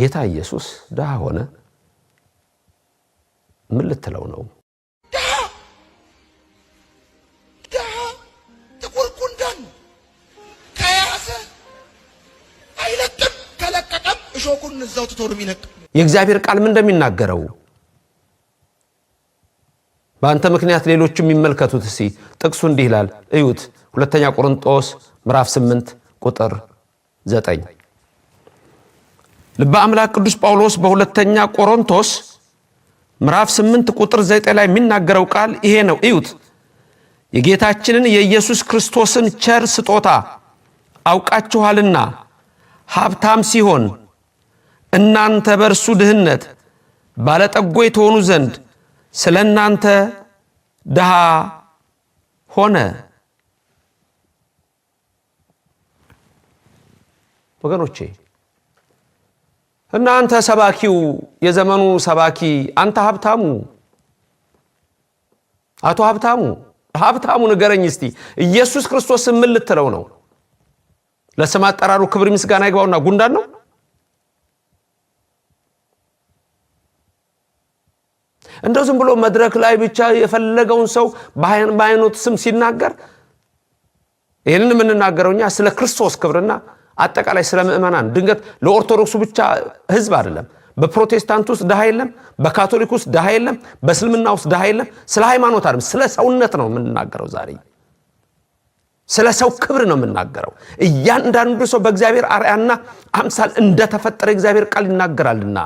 ጌታ ኢየሱስ ድሃ ሆነ። ምን ልትለው ነው? የእግዚአብሔር ቃል ምን እንደሚናገረው በአንተ ምክንያት ሌሎቹ የሚመልከቱት እሲ ጥቅሱ እንዲህ ይላል፣ እዩት። ሁለተኛ ቆሮንጦስ ምዕራፍ 8 ቁጥር 9 ልበ አምላክ ቅዱስ ጳውሎስ በሁለተኛ ቆሮንቶስ ምዕራፍ 8 ቁጥር 9 ላይ የሚናገረው ቃል ይሄ ነው። እዩት። የጌታችንን የኢየሱስ ክርስቶስን ቸር ስጦታ አውቃችኋልና ሀብታም ሲሆን እናንተ በእርሱ ድህነት ባለጠጎ የተሆኑ ዘንድ ስለ እናንተ ድሃ ሆነ። ወገኖቼ እና አንተ ሰባኪው የዘመኑ ሰባኪ አንተ ሀብታሙ አቶ ሀብታሙ ሀብታሙ ንገረኝ እስቲ ኢየሱስ ክርስቶስ ምን ልትለው ነው? ለስም አጠራሩ ክብር ምስጋና ይግባውና ጉንዳን ነው? እንደው ዝም ብሎ መድረክ ላይ ብቻ የፈለገውን ሰው በሃይማኖት ስም ሲናገር ይህንን የምንናገረው እኛ ስለ ክርስቶስ ክብርና አጠቃላይ ስለ ምእመናን ድንገት ለኦርቶዶክሱ ብቻ ህዝብ አይደለም። በፕሮቴስታንት ውስጥ ድሃ የለም፣ በካቶሊክ ውስጥ ድሃ የለም፣ በእስልምና ውስጥ ድሃ የለም። ስለ ሃይማኖት አይደለም፣ ስለ ሰውነት ነው የምንናገረው ዛሬ ስለ ሰው ክብር ነው የምናገረው። እያንዳንዱ ሰው በእግዚአብሔር አርያና አምሳል እንደተፈጠረ እግዚአብሔር ቃል ይናገራልና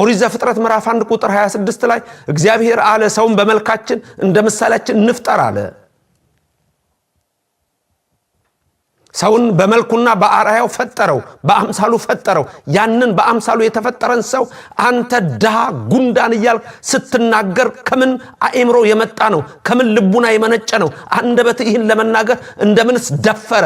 ኦሪት ዘፍጥረት ምዕራፍ 1 ቁጥር 26 ላይ እግዚአብሔር አለ ሰውን በመልካችን እንደ ምሳሌያችን እንፍጠር አለ። ሰውን በመልኩና በአርአያው ፈጠረው፣ በአምሳሉ ፈጠረው። ያንን በአምሳሉ የተፈጠረን ሰው አንተ ድሃ ጉንዳን እያል ስትናገር ከምን አእምሮ የመጣ ነው? ከምን ልቡና የመነጨ ነው? አንደበት ይህን ለመናገር እንደምንስ ደፈረ?